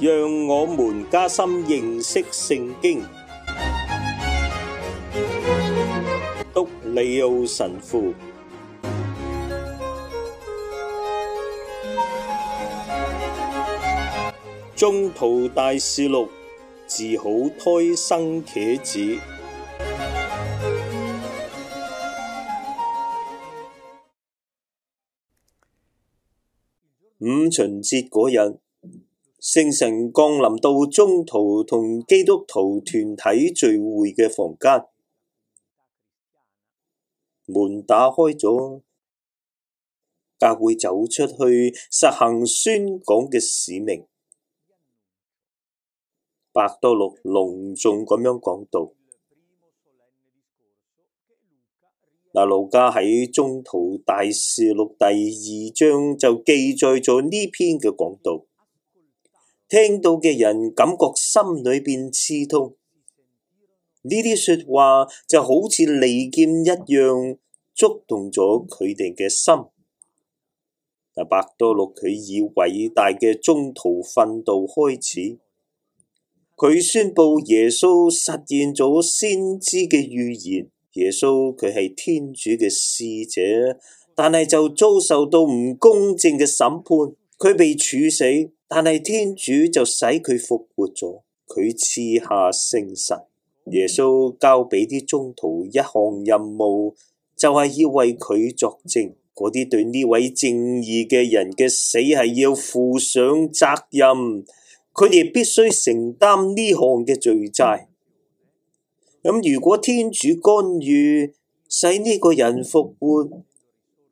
讓我們加深認識聖經。督利奧神父，宗徒大事錄，治好胎生茄子。五旬節嗰日。聖城降臨到中途，同基督徒團體聚會嘅房間門打開咗，教會走出去實行宣講嘅使命。伯多六隆重咁樣講道。嗱，路家喺中途大四六第二章就記載咗呢篇嘅講道。聽到嘅人感覺心裏邊刺痛，呢啲說話就好似利劍一樣，觸動咗佢哋嘅心。阿伯多祿佢以偉大嘅宗徒訓導開始，佢宣布耶穌實現咗先知嘅預言，耶穌佢係天主嘅使者，但係就遭受到唔公正嘅審判，佢被處死。但係天主就使佢復活咗，佢賜下聖神，耶穌交俾啲宗徒，一項任務，就係、是、要為佢作證。嗰啲對呢位正義嘅人嘅死係要負上責任，佢哋必須承擔呢項嘅罪債。咁如果天主干預，使呢個人復活，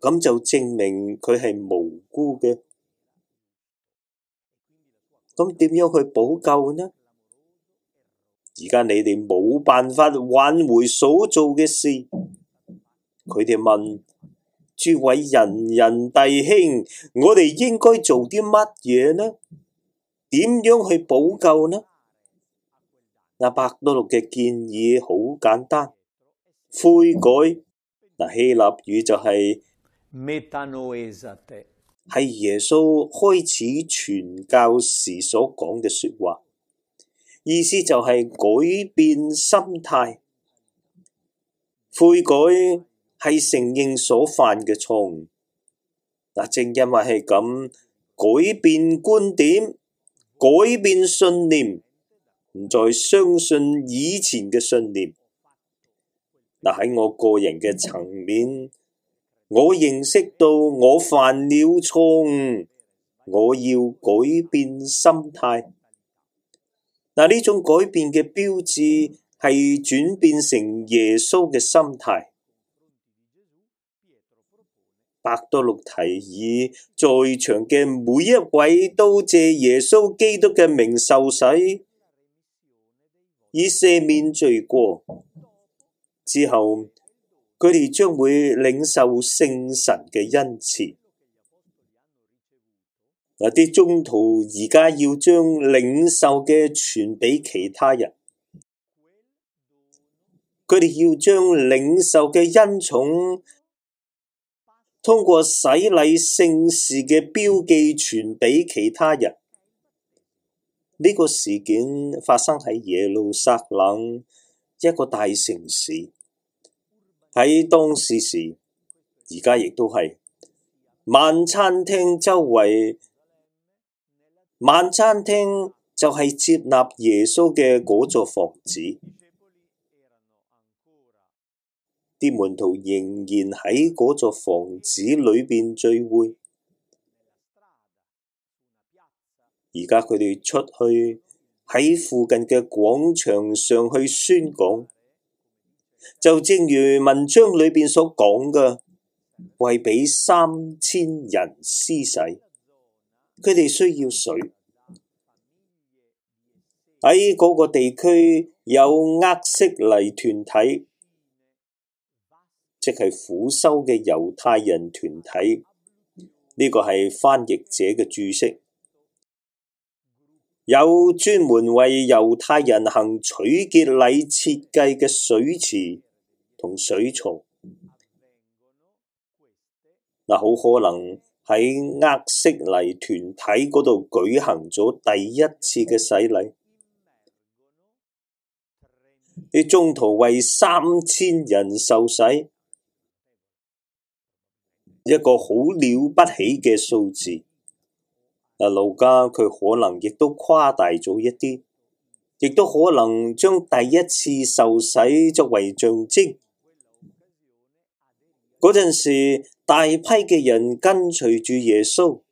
咁就證明佢係無辜嘅。咁點樣去補救呢？而家你哋冇辦法挽回所做嘅事。佢哋問：諸位仁人弟兄，我哋應該做啲乜嘢呢？點樣去補救呢？阿伯多祿嘅建議好簡單，悔改。嗱，希臘語就係。係耶穌開始傳教時所講嘅說話，意思就係改變心態，悔改係承認所犯嘅錯誤。嗱，正因為係咁，改變觀點，改變信念，唔再相信以前嘅信念。但喺我個人嘅層面。我認識到我犯了錯誤，我要改變心態。嗱，呢種改變嘅標誌係轉變成耶穌嘅心態。伯多祿提議，在場嘅每一位都借耶穌基督嘅名受洗，以赦免罪過。之後。佢哋將會領受聖神嘅恩賜，嗱啲宗徒而家要將領受嘅傳俾其他人，佢哋要將領受嘅恩寵通過洗禮聖事嘅標記傳俾其他人。呢、這個事件發生喺耶路撒冷一個大城市。喺當時時，而家亦都係晚餐廳周圍。晚餐廳就係接納耶穌嘅嗰座房子。啲 門徒仍然喺嗰座房子裏邊聚會。而家佢哋出去喺附近嘅廣場上去宣講。就正如文章裏邊所講嘅，為俾三千人施洗，佢哋需要水。喺嗰個地區有厄色尼團體，即係苦修嘅猶太人團體。呢、這個係翻譯者嘅注釋。有專門為猶太人行取潔禮設計嘅水池同水槽，嗱，好可能喺厄色尼團體嗰度舉行咗第一次嘅洗禮。你中途為三千人受洗，一個好了不起嘅數字。啊！路加佢可能亦都誇大咗一啲，亦都可能將第一次受洗作為象徵。嗰陣時大批嘅人跟隨住耶穌，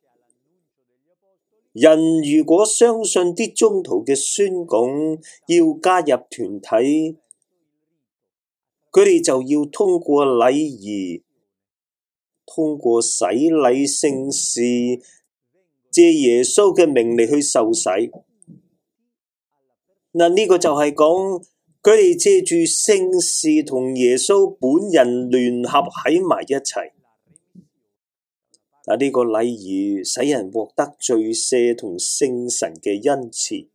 人如果相信啲宗徒嘅宣講要加入團體，佢哋就要通過禮儀，通過洗禮聖事。借耶穌嘅名嚟去受洗，嗱，呢個就係講佢哋借住聖事同耶穌本人聯合喺埋一齊。啊，呢個禮儀使人獲得罪赦同聖神嘅恩賜，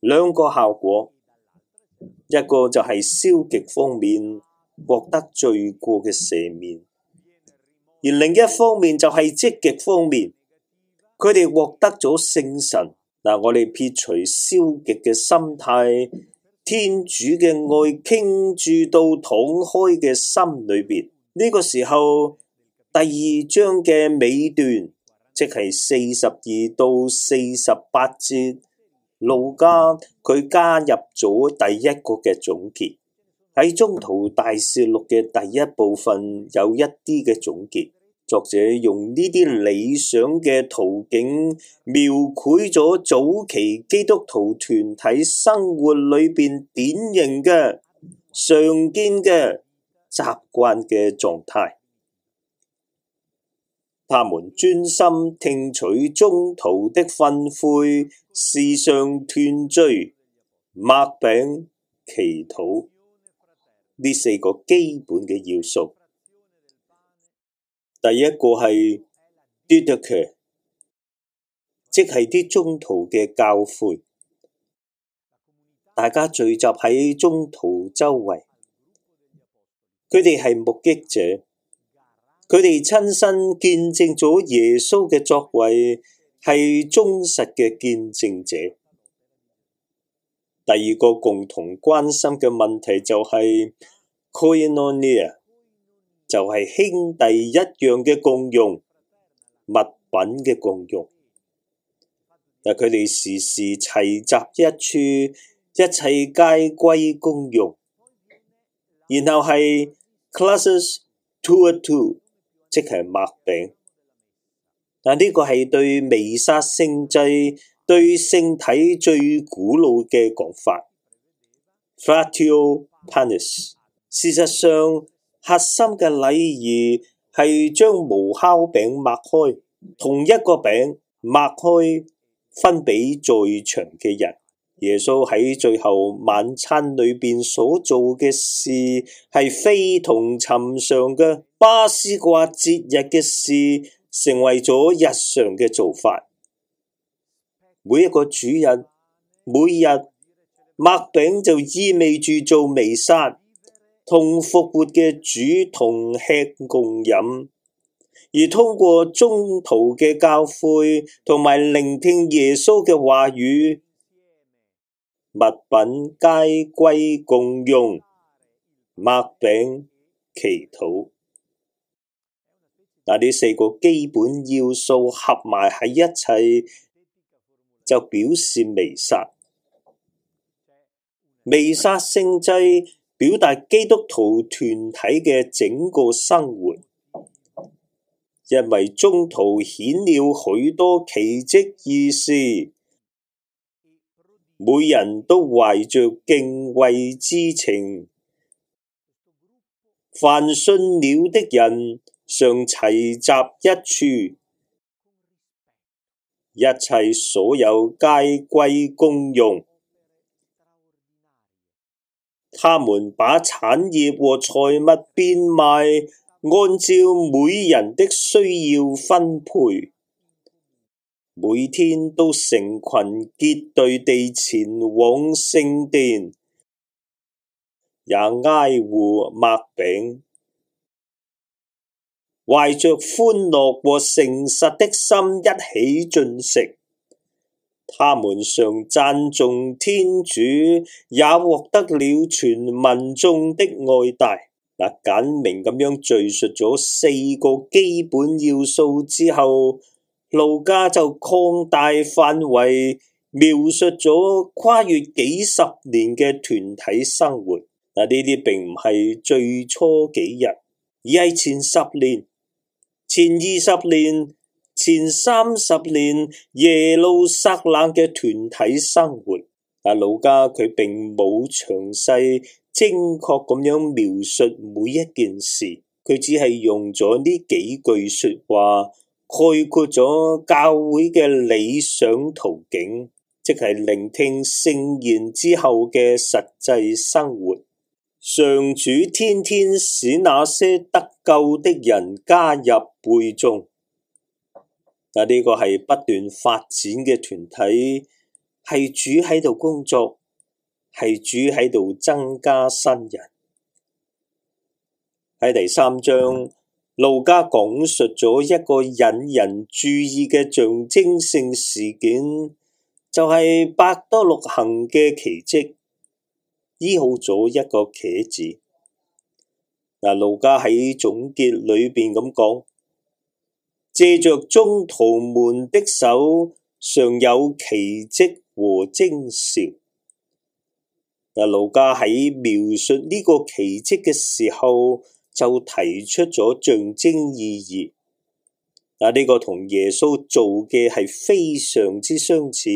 兩個效果，一個就係消極方面獲得罪過嘅赦免，而另一方面就係積極方面。佢哋獲得咗聖神嗱，我哋撇除消極嘅心態，天主嘅愛傾注到敞開嘅心裏邊。呢、這個時候，第二章嘅尾段，即係四十二到四十八節，路加佢加入咗第一個嘅總結，喺宗徒大事錄嘅第一部分有一啲嘅總結。作者用呢啲理想嘅途徑描繪咗早期基督徒團體生活裏邊典型嘅常見嘅習慣嘅狀態，他們專心聽取宗徒的訓誨、時常團聚、擘餅、祈禱呢四個基本嘅要素。第一個係 didaché 即係啲中途嘅教誨。大家聚集喺中途周圍，佢哋係目擊者，佢哋親身見證咗耶穌嘅作為，係忠實嘅見證者。第二個共同關心嘅問題就係 koinonia 就係兄弟一樣嘅共用物品嘅共用，但佢哋時時齊集一處，一切皆歸共用。然後係 classes two o two，即係擘餅。但呢個係對彌撒聖祭對聖體最古老嘅講法。fractio panis，事實上。 核心嘅禮儀係將無酵餅擘開，同一個餅擘開分俾在場嘅人。耶穌喺最後晚餐裏邊所做嘅事係非同尋常嘅巴斯掛節日嘅事，成為咗日常嘅做法。每一個主人每日擘餅就意味住做微山。同復活嘅主同吃共飲，而通過宗徒嘅教誨同埋聆聽耶穌嘅話語，物品皆歸共用，擘餅祈禱。嗱，呢四個基本要素合埋喺一齊，就表示彌撒。彌撒聖祭。表達基督徒團體嘅整個生活，因為中途顯了許多奇蹟異事，每人都懷着敬畏之情，凡信了的人，常齊集一處，一切所有皆歸公用。他們把產業和財物變賣，按照每人的需要分配，每天都成群結隊地前往聖殿，也挨戶擘餅，懷着歡樂和誠實的心一起進食。他們常讚頌天主，也獲得了全民眾的愛戴。嗱，簡明咁樣敘述咗四個基本要素之後，路加就擴大範圍，描述咗跨越幾十年嘅團體生活。嗱，呢啲並唔係最初幾日，而係前十年、前二十年。前三十年耶路撒冷嘅團體生活，阿路加佢並冇詳細、精確咁樣描述每一件事，佢只係用咗呢幾句說話概括咗教會嘅理想圖景，即係聆聽聖言之後嘅實際生活。上主天天使那些得救的人加入會眾。嗱，呢個係不斷發展嘅團體，係主喺度工作，係主喺度增加新人。喺第三章，路加講述咗一個引人注意嘅象徵性事件，就係、是、伯多祿行嘅奇蹟醫好咗一個瘸子。嗱，路加喺總結裏邊咁講。借着宗徒們的手，尚有奇迹和徵兆。那路加喺描述呢個奇蹟嘅時候，就提出咗象徵意義。嗱，呢個同耶穌做嘅係非常之相似。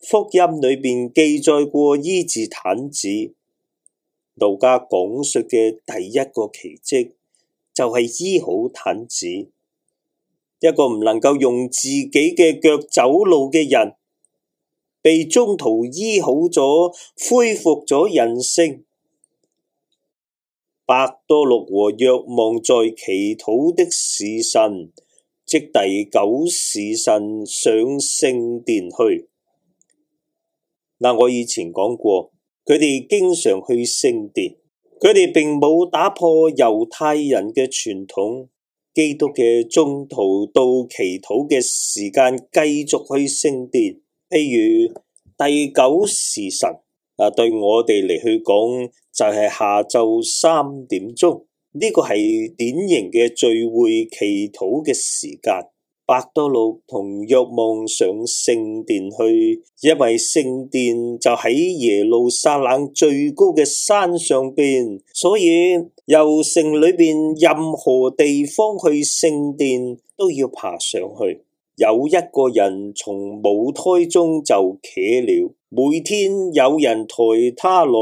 福音裏邊記載過醫治癱子，路加講述嘅第一個奇蹟。就係醫好癱子，一個唔能夠用自己嘅腳走路嘅人，被中途醫好咗，恢復咗人性。伯多祿和若望在祈禱的時辰，即第九時辰上聖殿去。嗱，我以前講過，佢哋經常去聖殿。佢哋並冇打破猶太人嘅傳統，基督嘅宗徒到祈禱嘅時間繼續去升殿。譬如第九時辰，啊，對我哋嚟去講就係下晝三點鐘，呢、這個係典型嘅聚會祈禱嘅時間。伯多祿同若望上聖殿去，因為聖殿就喺耶路撒冷最高嘅山上邊，所以由城裏邊任何地方去聖殿都要爬上去。有一個人從母胎中就企了，每天有人抬他來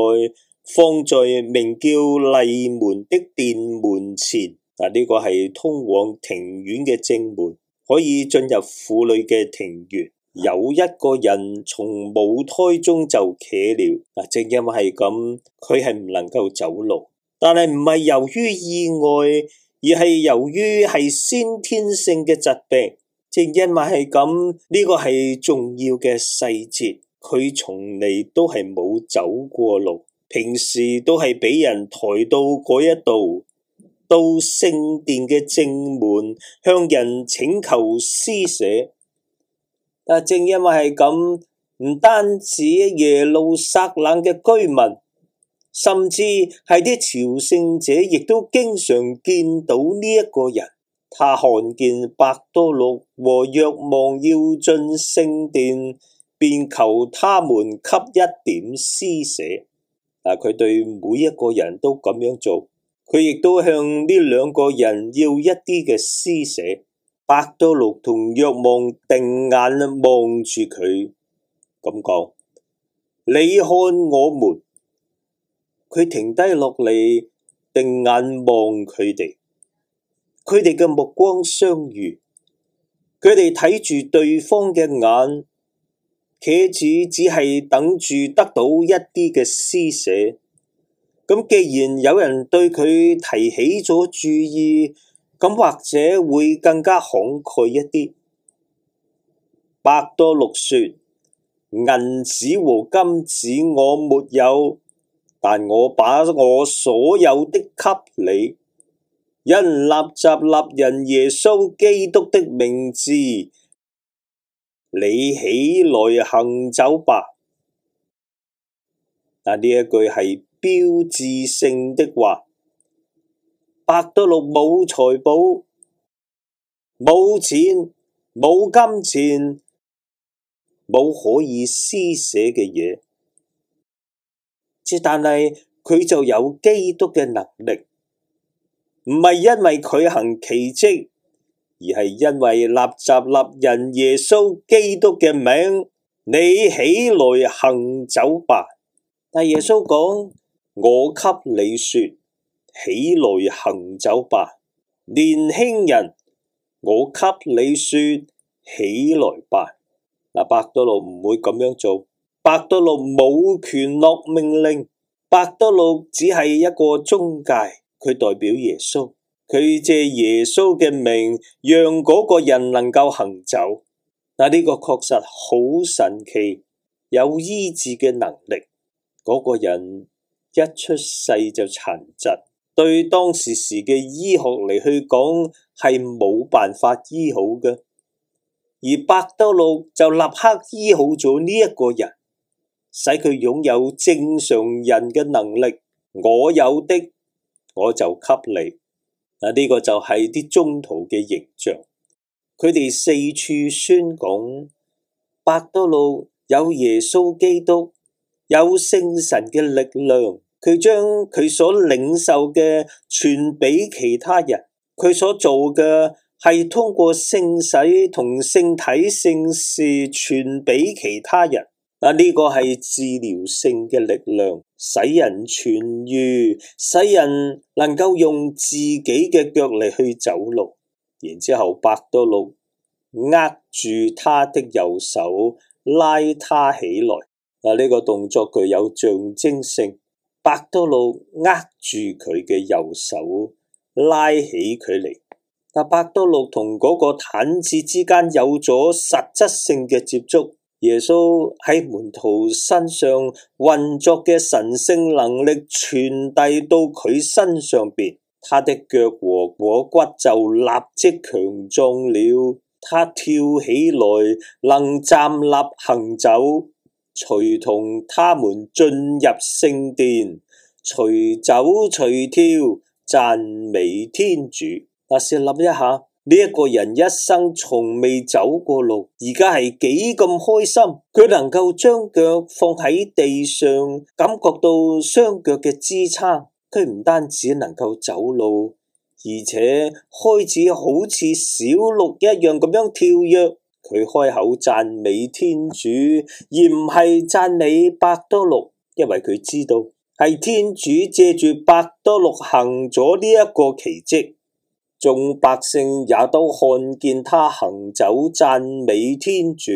放在名叫麗門的殿門前。嗱、啊、呢、這個係通往庭院嘅正門。可以進入婦女嘅庭院。有一個人從母胎中就企了，嗱，正因為係咁，佢係唔能夠走路。但係唔係由於意外，而係由於係先天性嘅疾病。正因為係咁，呢個係重要嘅細節。佢從嚟都係冇走過路，平時都係俾人抬到嗰一度。到聖殿嘅正門向人請求施捨，但正因為係咁，唔單止耶路撒冷嘅居民，甚至係啲朝聖者，亦都經常見到呢一個人。他看見伯多祿和若望要進聖殿，便求他們給一點施捨。啊，佢對每一個人都咁樣做。佢亦都向呢兩個人要一啲嘅施捨，伯多祿同若望定眼望住佢咁講：「你看我們。佢停低落嚟，定眼望佢哋，佢哋嘅目光相遇，佢哋睇住對方嘅眼，茄子只係等住得到一啲嘅施捨。咁既然有人對佢提起咗注意，咁或者會更加慷慨一啲。伯多祿説：銀子和金子我沒有，但我把我所有的給你。因納匝肋人耶穌基督的名字，你起來行走吧。但呢一句係。標誌性的話，伯多祿冇財寶、冇錢、冇金錢、冇可以施捨嘅嘢。即但係佢就有基督嘅能力，唔係因為佢行奇跡，而係因為納匝肋人耶穌基督嘅名，你起來行走吧。但耶穌講。我給你說，起來行走吧，年輕人。我給你說起來吧。嗱、啊，伯多祿唔會咁樣做，伯多祿冇權落命令，伯多祿只係一個中介，佢代表耶穌，佢借耶穌嘅名讓嗰個人能夠行走。嗱、啊，呢、這個確實好神奇，有醫治嘅能力，嗰、那個人。一出世就殘疾，對當時時嘅醫學嚟去講係冇辦法醫好嘅，而伯多祿就立刻醫好咗呢一個人，使佢擁有正常人嘅能力。我有的我就給你，嗱、這、呢個就係啲宗徒嘅形象。佢哋四處宣講，伯多祿有耶穌基督。有聖神嘅力量，佢將佢所領受嘅傳俾其他人。佢所做嘅係通過聖洗同聖體聖事傳俾其他人。啊，呢、這個係治療性嘅力量，使人痊癒，使人能夠用自己嘅腳嚟去走路。然之後，百路，伯多祿握住他的右手，拉他起來。啊！呢個動作具有象徵性，伯多祿握住佢嘅右手，拉起佢嚟。啊！伯多祿同嗰個癱子之間有咗實質性嘅接觸，耶穌喺門徒身上運作嘅神聖能力傳遞到佢身上邊，他的腳和踝骨就立即強壯了，他跳起來，能站立行走。隨同他們進入聖殿，隨走隨跳，讚美天主。但試諗一下，呢一個人一生從未走過路，而家係幾咁開心？佢能夠將腳放喺地上，感覺到雙腳嘅支撐。佢唔單止能夠走路，而且開始好似小鹿一樣咁樣跳躍。佢開口讚美天主，而唔係讚美伯多祿，因為佢知道係天主借住伯多祿行咗呢一個奇蹟，眾百姓也都看見他行走讚美天主，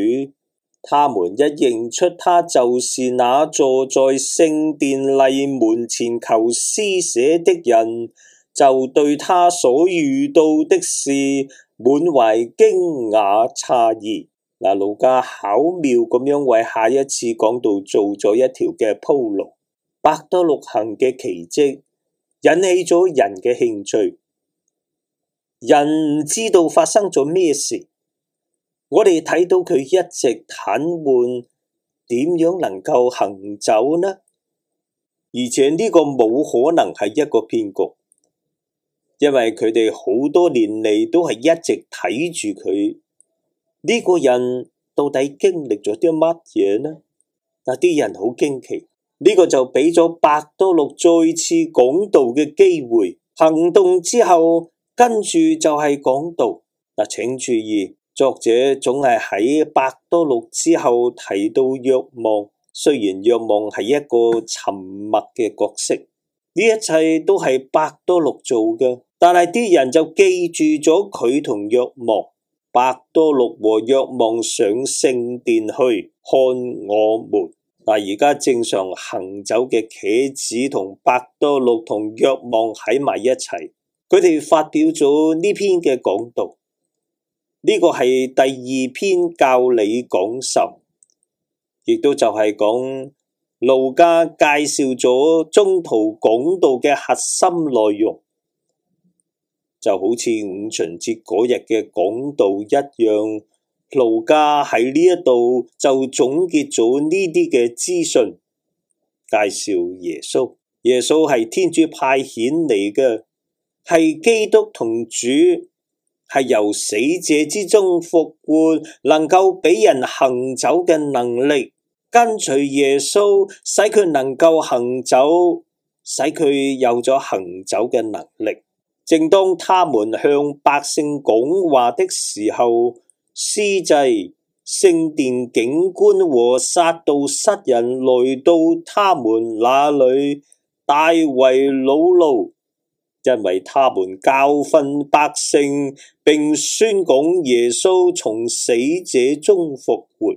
他們一認出他就是那坐在聖殿麗門前求施捨的人，就對他所遇到的事，滿懷驚訝詫異，嗱，路加巧妙咁樣為下一次講道做咗一條嘅鋪路，百多六行嘅奇蹟引起咗人嘅興趣。人唔知道發生咗咩事，我哋睇到佢一直癱瘓，點樣能夠行走呢？而且呢個冇可能係一個騙局。因為佢哋好多年嚟都係一直睇住佢呢個人到底經歷咗啲乜嘢呢？嗱啲人好驚奇，呢、這個就俾咗伯多祿再次講道嘅機會。行動之後跟住就係講道。嗱，請注意，作者總係喺伯多祿之後提到若望，雖然若望係一個沉默嘅角色。呢一切都係伯多祿做嘅，但係啲人就記住咗佢同若望，伯多祿和若望上聖殿去看我們。嗱、啊，而家正常行走嘅茄子同伯多祿同若望喺埋一齊，佢哋發表咗呢篇嘅講道。呢、這個係第二篇教理講授，亦都就係講。路加介紹咗中途講道嘅核心內容，就好似五旬節嗰日嘅講道一樣。路加喺呢一度就總結咗呢啲嘅資訊，介紹耶穌。耶穌係天主派遣嚟嘅，係基督同主，係由死者之中復活，能夠俾人行走嘅能力。跟隨耶穌，使佢能夠行走，使佢有咗行走嘅能力。正當他們向百姓講話的時候，司祭、聖殿警官和撒杜塞人來到他們那裏，大為惱怒，因為他們教訓百姓，並宣講耶穌從死者中復活。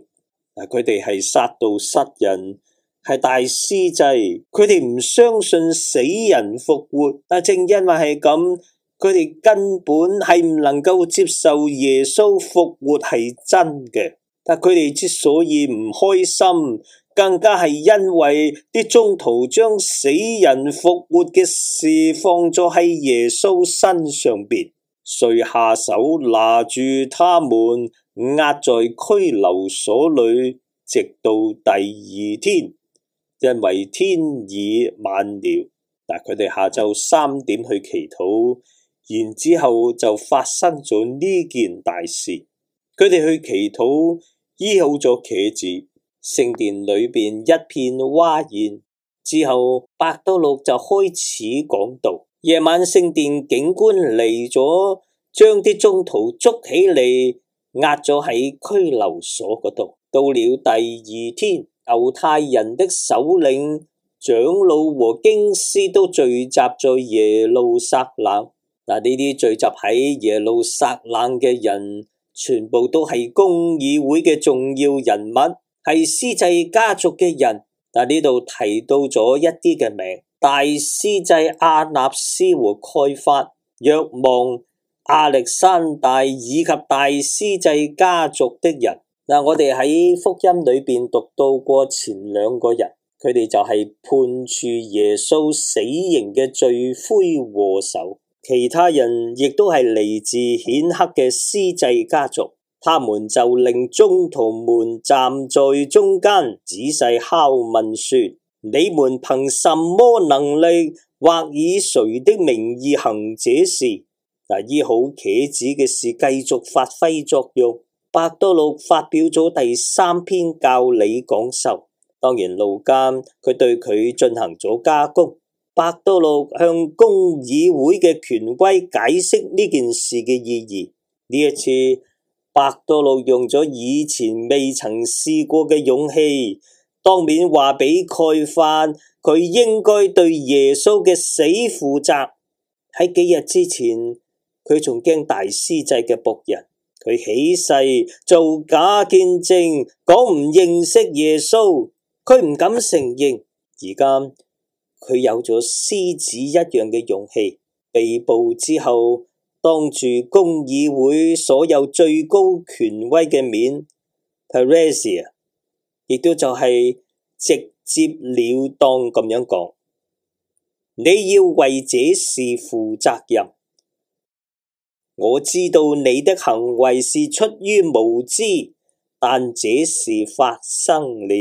佢哋係撒杜塞人，係大司祭，佢哋唔相信死人復活。但正因為係咁，佢哋根本係唔能夠接受耶穌復活係真嘅。但佢哋之所以唔開心，更加係因為啲宗徒將死人復活嘅事放咗喺耶穌身上邊，誰下手拿住他們？押在拘留所裏，直到第二天，因為天已晚了。但佢哋下晝三點去祈禱，然之後就發生咗呢件大事。佢哋去祈禱，醫好咗茄子，聖殿裏邊一片嘩然。之後，伯多祿就開始講道。夜晚，聖殿警官嚟咗，將啲宗徒捉起嚟。押咗喺拘留所嗰度。到了第二天，猶太人的首領、長老和經師都聚集在耶路撒冷。嗱、啊，呢啲聚集喺耶路撒冷嘅人，全部都係公議會嘅重要人物，係司祭家族嘅人。嗱、啊，呢度提到咗一啲嘅名，大司祭阿納斯和蓋法、若望、亞歷山大以及大司祭家族的人，嗱，我哋喺福音裏邊讀到過前兩個人，佢哋就係判處耶穌死刑嘅罪魁禍首。其他人亦都係嚟自顯赫嘅司祭家族，他們就令宗徒們站在中間，仔細拷問說：你們憑什麼能力或以誰的名義行這事？嗱，醫好茄子嘅事繼續發揮作用。伯多祿發表咗第三篇教理講授，當然路加佢對佢進行咗加工。伯多祿向公議會嘅權威解釋呢件事嘅意義。呢一次，伯多祿用咗以前未曾試過嘅勇氣，當面話俾蓋法佢應該對耶穌嘅死負責。喺幾日之前。佢仲驚大司制嘅僕人，佢起誓做假見證，講唔認識耶穌，佢唔敢承認。而家佢有咗獅子一樣嘅勇氣，被捕之後，當住公議會所有最高權威嘅面 p a r i r a 亦都就係直接了當咁樣講：你要為這事負責任。我知道你的行為是出於無知，但這事發生了。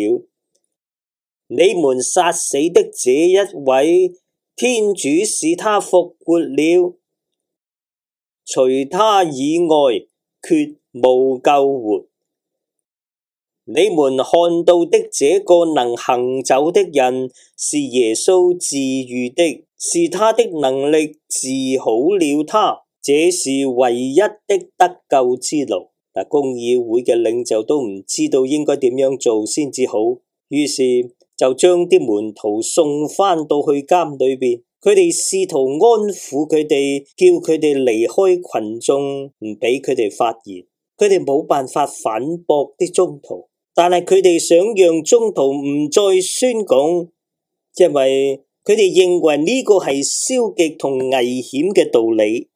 你們殺死的這一位，天主使他復活了。除他以外，決無救活。你們看到的這個能行走的人，是耶穌治愈的，是他的能力治好了他。這是唯一的得救之路。但公議會嘅領袖都唔知道應該點樣做先至好，於是就將啲門徒送翻到去監裏邊。佢哋試圖安撫佢哋，叫佢哋離開群眾，唔俾佢哋發言。佢哋冇辦法反駁啲宗徒，但係佢哋想讓宗徒唔再宣講，因為佢哋認為呢個係消極同危險嘅道理。